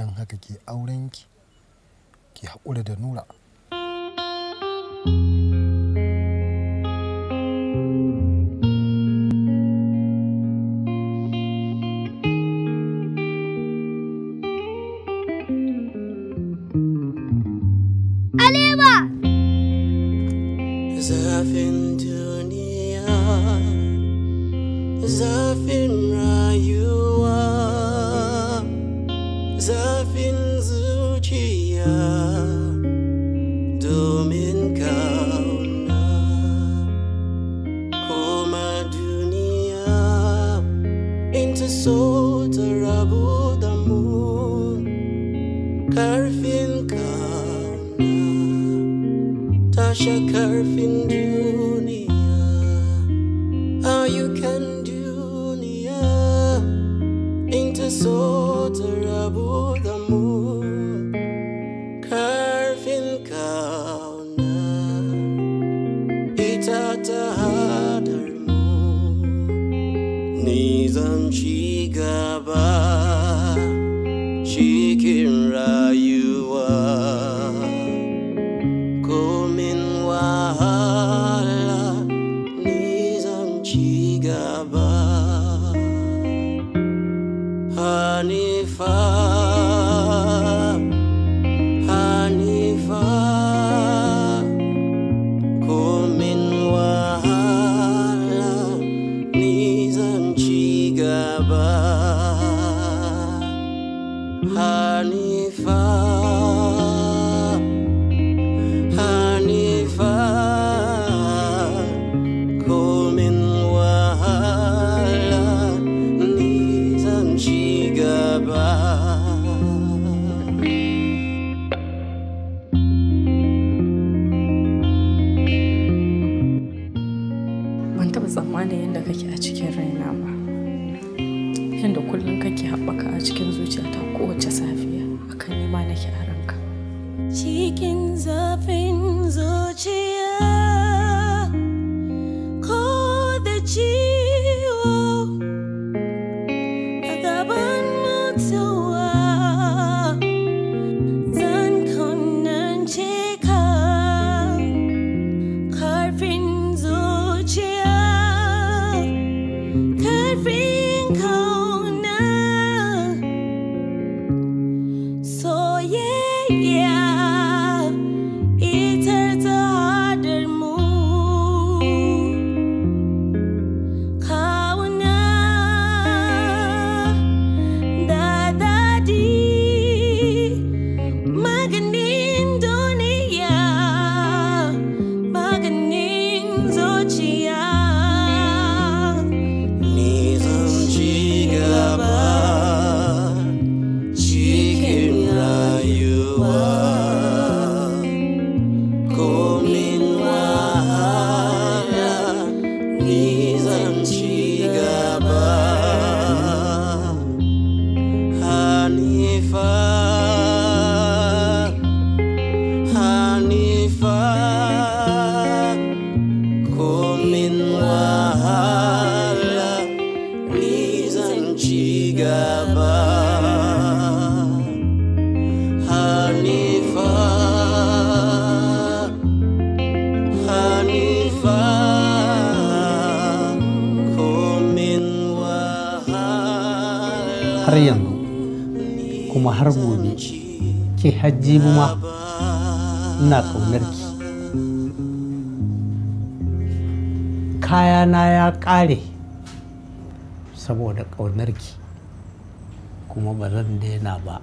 don haka ke aurenki ki haƙura da nura Zafin duniya, zafin rayu. so terrible the moon carving kana Tasha Karfin dunia How you can dunia Into so terrible the moon carving Karfin kana Itata hadarmu Nizan chi ba chicken rayuwa komin wahala nizam ci gaba Hanifa Hanifa Komen wahala nitamshi gaba Ban taɓa tsammanin yadda kake a cikin raina ba. yadda kullum kake haɓaka a cikin zuciyata kowace safe haka nima nake a ranka cikin zafin zuciya har yanzu kuma har gobe ke hajji ma ina ƙaunarki ki kayana ya ƙare saboda ƙaunarki ki kuma ba zan daina ba